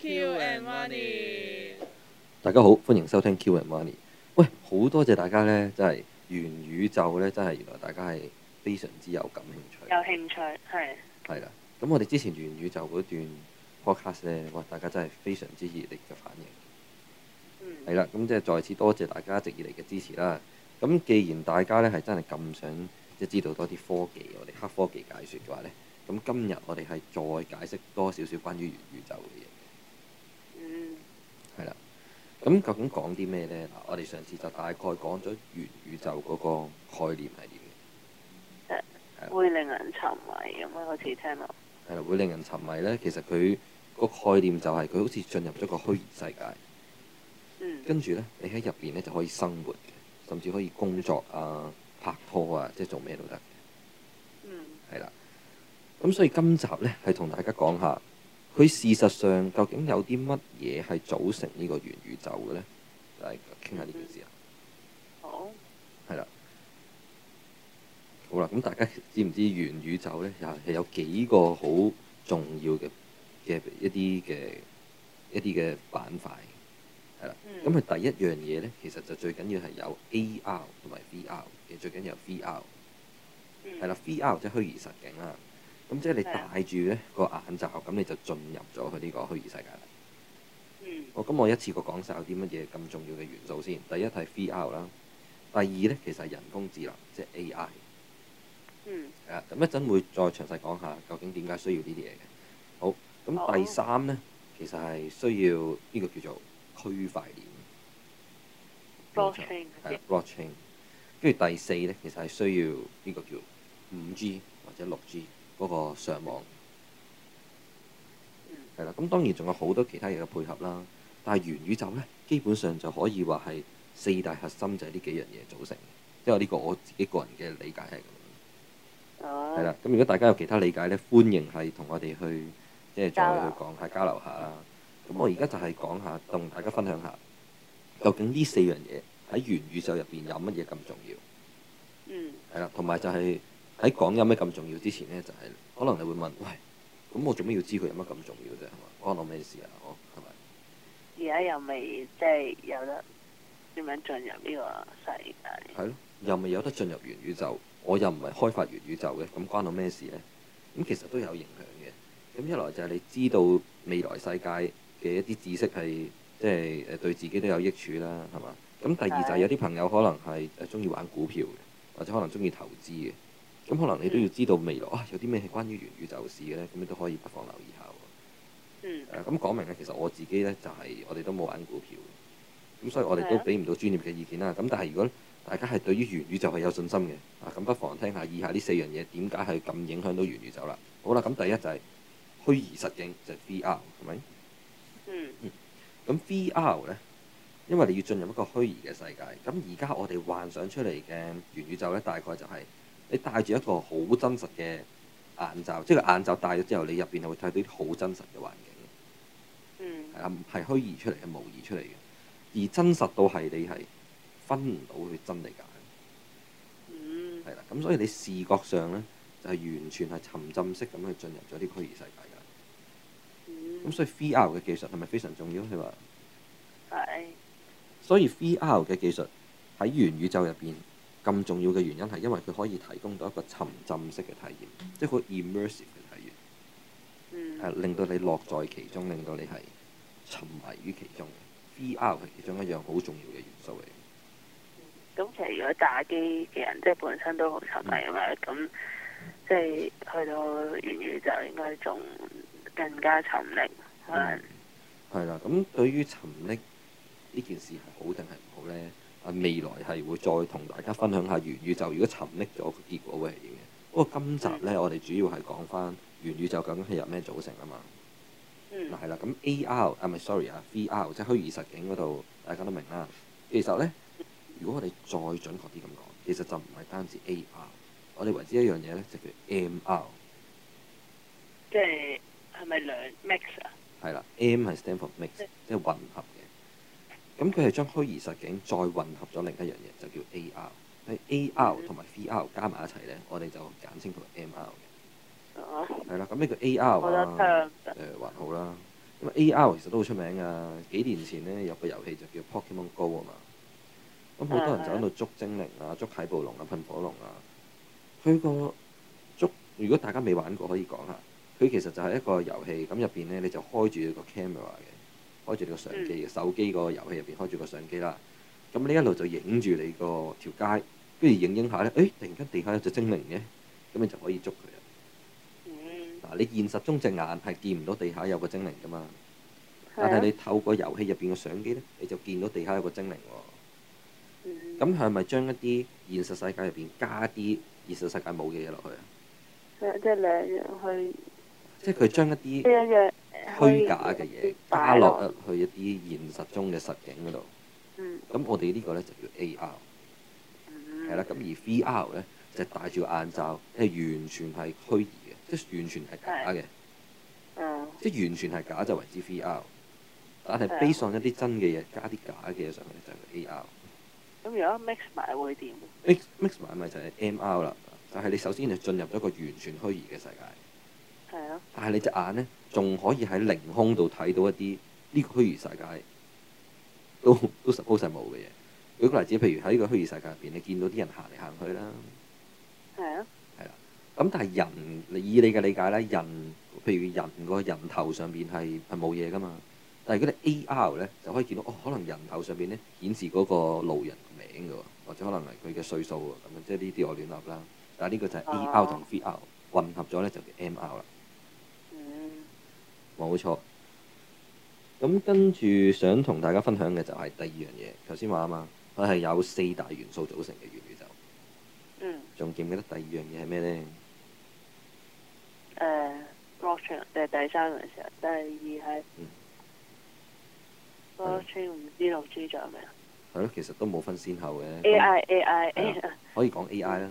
Q and Money，大家好，歡迎收聽 Q and Money。喂，好多謝大家呢真係元宇宙呢真係原來大家係非常之有感興趣，有興趣係係啦。咁我哋之前元宇宙嗰段 Podcast 咧，哇，大家真係非常之熱烈嘅反應。係啦、嗯，咁即係再次多謝大家一直以嚟嘅支持啦。咁既然大家呢係真係咁想即係知道多啲科技，我哋黑科技解說嘅話呢，咁今日我哋係再解釋多少少關於元宇宙嘅嘢。係啦，咁究竟講啲咩呢？嗱，我哋上次就大概講咗元宇宙嗰個概念係點嘅，係會令人沉迷咁啊！好似聽到係會令人沉迷呢。其實佢個概念就係佢好似進入咗個虛擬世界，嗯，跟住呢，你喺入邊呢就可以生活，甚至可以工作啊、拍拖啊，即係做咩都得，嗯，係啦，咁所以今集呢，係同大家講下。佢事實上究竟有啲乜嘢係組成呢個元宇宙嘅咧？嚟傾，mm hmm. 下呢件事啊，oh.！好，係啦，好啦，咁大家知唔知元宇宙咧，又係有幾個好重要嘅嘅一啲嘅一啲嘅板塊？係啦，咁佢，mm hmm. 第一樣嘢咧，其實就最緊要係有 AR 同埋 VR 嘅，最緊要有 VR 係啦，VR 即係虛擬實境啦。咁即係你戴住咧個眼罩，咁你就進入咗佢呢個虛擬世界啦。嗯。我咁我一次過講晒有啲乜嘢咁重要嘅元素先。第一係 VR 啦，第二咧其實係人工智能，即係 AI。嗯。係啊，咁一陣會再詳細講下究竟點解需要呢啲嘢嘅。好，咁第三咧其實係需要呢個叫做區塊鏈。Blockchain。係 Blockchain。跟住第四咧，其實係需要呢個叫五 G 或者六 G。嗰個上網係啦，咁、嗯、當然仲有好多其他嘢嘅配合啦。但係元宇宙咧，基本上就可以話係四大核心就係呢幾樣嘢組成，即係呢個我自己個人嘅理解係咁。哦、啊。係啦，咁如果大家有其他理解咧，歡迎係同我哋去即係交流再去講下交流下啦。咁我而家就係講下同大家分享下，究竟呢四樣嘢喺元宇宙入邊有乜嘢咁重要？嗯。係啦，同埋就係、是。喺講有咩咁重要之前呢，就係可能你會問：喂，咁我做咩要知佢有乜咁重要啫？關我咩事啊？我係咪？而家又未即係有得點樣進入呢個世界？係咯，又未有得進入元宇宙，我又唔係開發元宇宙嘅，咁關我咩事呢？咁其實都有影響嘅。咁一來就係你知道未來世界嘅一啲知識係即係誒對自己都有益處啦，係嘛？咁第二就係有啲朋友可能係誒中意玩股票，或者可能中意投資嘅。咁可能你都要知道未來啊，有啲咩係關於元宇宙事嘅咧，咁你都可以不妨留意下。嗯。咁講、啊、明嘅，其實我自己咧就係、是、我哋都冇玩股票，咁所以我哋都俾唔到專業嘅意見啦。咁但係如果大家係對於元宇宙係有信心嘅，啊，咁不妨聽下以下呢四樣嘢點解係咁影響到元宇宙啦。好啦，咁第一就係虛擬實境，就係、是、VR，係咪？咁、嗯嗯、VR 咧，因為你要進入一個虛擬嘅世界，咁而家我哋幻想出嚟嘅元宇宙咧，大概就係、是。你戴住一個好真實嘅眼罩，即係個眼罩戴咗之後，你入邊係會睇到啲好真實嘅環境。嗯。係啊，係虛擬出嚟嘅、模擬出嚟嘅，而真實到係你係分唔到佢真定假。嗯。係啦，咁所以你視覺上咧就係、是、完全係沉浸式咁去進入咗啲虛擬世界㗎。嗯。咁所以 VR 嘅技術係咪非常重要？係嘛？係是。所以 VR 嘅技術喺元宇宙入邊，咁重要嘅原因係因為佢可以提供到一個沉浸式嘅體驗，即、就、係、是、好 immersive 嘅體驗，係令到你樂在其中，令到你係沉迷於其中。VR 係其中一樣好重要嘅元素嚟。咁、嗯、其實如果打機嘅人即係本身都好沉迷啊，咁、嗯、即係去到元宇宙就應該仲更加沉溺，係咪？係啦、嗯，咁對，對於沉溺呢件事係好定係唔好咧？未來係會再同大家分享下元宇宙。如果沉溺咗個結果會係點嘅？不過今集咧，嗯、我哋主要係講翻元宇宙究竟係由咩組成啊嘛。嗱係啦，咁、啊、AR 係咪？Sorry 啊，VR 即係虛擬實境嗰度，大家都明啦。其實咧，如果我哋再準確啲咁講，其實就唔係單止 AR，我哋為止一樣嘢咧，就叫 MR。即係係咪兩 mix 啊？係啦，M 係 stand for mix，、嗯、即係混合嘅。咁佢係將虛擬實境再混合咗另一樣嘢，就叫 AR 的。喺 AR 同埋 VR 加埋一齊呢，我哋就簡稱佢為 MR。哦、啊。係啦，咁呢個 AR 啊。我都得、啊。誒、呃、還好啦，因 AR 其實都好出名㗎、啊。幾年前呢有個遊戲就叫 Pokemon Go 啊嘛，咁好多人就喺度捉精靈啊、捉蟹暴龍啊、噴火龍啊。佢個捉如果大家未玩過可以講下，佢其實就係一個遊戲，咁入邊呢你就開住一個 camera 嘅。開住、嗯、個相機，手機個遊戲入邊開住個相機啦。咁你一路就影住你個條街，跟住影影下咧，誒、欸，突然間地下有隻精靈嘅，咁你就可以捉佢啦。嗱、嗯啊，你現實中隻眼係見唔到地下有個精靈噶嘛？啊、但係你透過遊戲入邊嘅相機咧，你就見到地下有個精靈喎、啊。咁係咪將一啲現實世界入邊加啲現實世界冇嘅嘢落去啊？即係兩樣去，即係佢將一啲。虛假嘅嘢加落去一啲現實中嘅實景嗰度，咁、嗯、我哋呢個呢，就叫 AR，係啦。咁、嗯、而 VR 呢，就是、戴住個眼罩，係完全係虛擬嘅，即、就、係、是、完全係假嘅，嗯、即係完全係假就為之 VR。但係 based on 一啲真嘅嘢，加啲假嘅嘢上去就叫 AR。咁如果 mix 埋會點？mix 埋咪就係 MR 啦。但、就、係、是、你首先就進入咗一個完全虛擬嘅世界。係咯、嗯。但係你隻眼呢。仲可以喺凌空度睇到一啲呢個虛擬世界都都實冇嘅嘢。舉個例子，譬如喺呢個虛擬世界入邊，你見到啲人行嚟行去啦，係啊，係啦。咁但係人以你嘅理解咧，人譬如人個人，人頭上邊係係冇嘢噶嘛？但係如果咧 AR 咧，就可以見到哦，可能人頭上邊咧顯示嗰個路人名嘅，或者可能係佢嘅歲數喎。咁樣即係呢啲我亂噏啦。但係呢個就係 AR 同 VR、啊、混合咗咧，就叫 MR 啦。冇錯，咁跟住想同大家分享嘅就係第二樣嘢。頭先話啊嘛，佢係有四大元素組成嘅元宇宙就。仲嗯。記唔記得第二樣嘢係咩咧？誒 Blockchain、uh, 第三樣嘢，第二係 Blockchain 唔知六 G 仲有咩？係咯，其實都冇分先後嘅。A I A I 可以講 A I 啦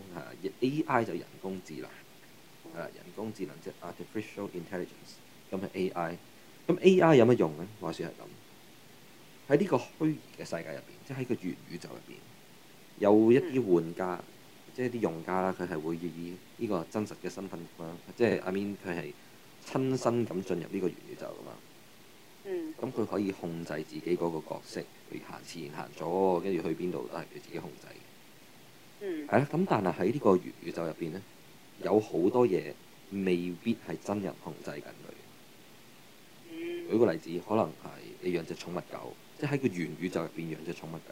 ，A I 就人工智能，係、嗯、人工智能即、係、artificial intelligence。咁係 A.I. 咁 A.I. 有乜用呢？我話先係咁喺呢個虛擬嘅世界入邊，即係喺個元宇宙入邊，有一啲玩家，嗯、即係啲用家啦，佢係會以呢個真實嘅身份即係阿 I mean 佢係親身咁進入呢個元宇宙㗎嘛。嗯。咁佢可以控制自己嗰個角色去行前行左，跟住去邊度都係佢自己控制嘅。嗯。係啦，咁但係喺呢個元宇宙入邊呢，有好多嘢未必係真人控制緊佢。舉個例子，可能係你養隻寵物狗，即係喺個元宇宙入邊養隻寵物狗。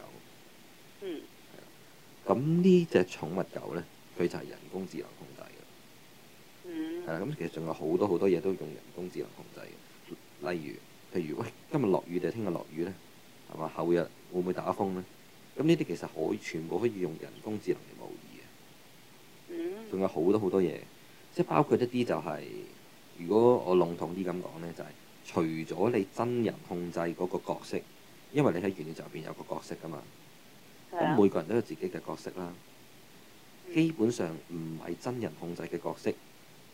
咁呢隻寵物狗呢，佢就係人工智能控制嘅。嗯。係啦，咁其實仲有好多好多嘢都用人工智能控制嘅，例如譬如喂，今日落雨定係聽日落雨呢，係嘛？後日會唔會打風呢？咁呢啲其實可以全部可以用人工智能嚟模擬嘅。嗯。仲有好多好多嘢，即係包括一啲就係、是，如果我籠統啲咁講呢，就係、是。除咗你真人控制嗰個角色，因為你喺元宇宙入邊有個角色噶嘛，咁的每個人都有自己嘅角色啦。嗯、基本上唔係真人控制嘅角色，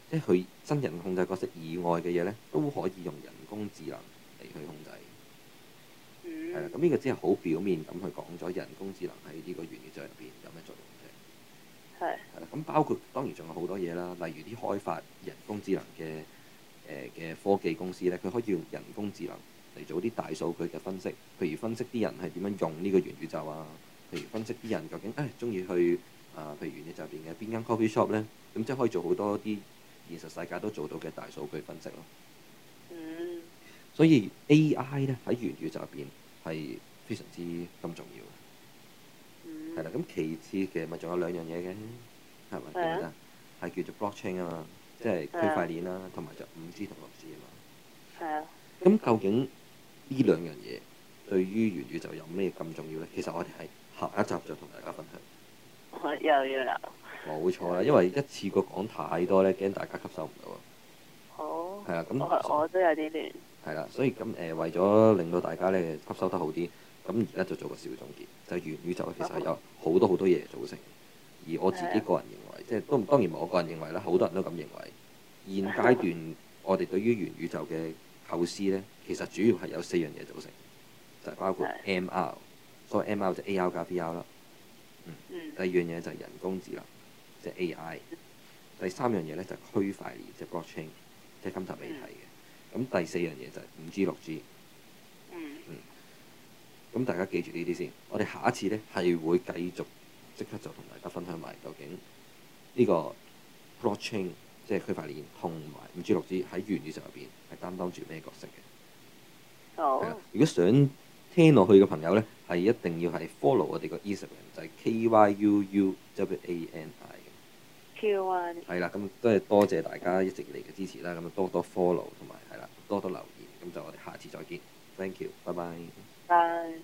即係佢真人控制角色以外嘅嘢呢，都可以用人工智能嚟去控制。嗯。係啦，咁呢個只係好表面咁去講咗人工智能喺呢個元宇宙入邊有咩作用啫。係的。係啦，咁包括當然仲有好多嘢啦，例如啲開發人工智能嘅。誒嘅科技公司咧，佢可以用人工智能嚟做啲大數據嘅分析，譬如分析啲人係點樣用呢個元宇宙啊，譬如分析啲人究竟誒中意去啊，譬如元宇宙入邊嘅邊間 coffee shop 咧，咁即係可以做好多啲現實世界都做到嘅大數據分析咯。嗯、所以 AI 咧喺元宇宙入邊係非常之咁重要嘅。係啦、嗯，咁其次嘅咪仲有兩樣嘢嘅，係咪先啦？係、啊、叫做 blockchain 啊嘛。即係區塊鏈啦，同埋 Yeah. 就五 G 同六 G 啊嘛。係啊。咁究竟呢兩樣嘢對於元宇宙有咩咁重要咧？其實我哋係下一集就同大家分享。我又要留。冇錯啦，因為一次過講太多咧，驚大家吸收唔到啊。好。係啊，咁。我都有啲亂。係啦，所以咁誒，為咗令到大家咧吸收得好啲，咁而家就做個小總結，就係元宇宙就其實有好多好多嘢組成，而我自己個人認為。即係都當然，我個人認為啦，好多人都咁認為。現階段我哋對於元宇宙嘅構思咧，其實主要係有四樣嘢組成，就係、是、包括 M R，的所謂 M R 就 A R 加 V R 啦。嗯。嗯，第二樣嘢就係人工智能，即係 A I。第三樣嘢咧就區塊鏈，即、就、係、是、Blockchain，即係今集未睇嘅。咁、嗯、第四樣嘢就係五 G 六 G。G，嗯。嗯。咁大家記住呢啲先。我哋下一次咧係會繼續即刻就同大家分享埋究竟。呢個 block chain 即係區塊鏈同埋唔知六 G 喺元宇宙入邊係擔當住咩角色嘅？哦，係啦。如果想聽落去嘅朋友咧，係一定要係 follow 我哋個 Instagram 就係 K Y U U W A N I。Q One。係啦，咁都係多謝大家一直嚟嘅支持啦。咁啊多多 follow 同埋係啦，多多留言。咁就我哋下次再見。Thank you，拜拜。拜。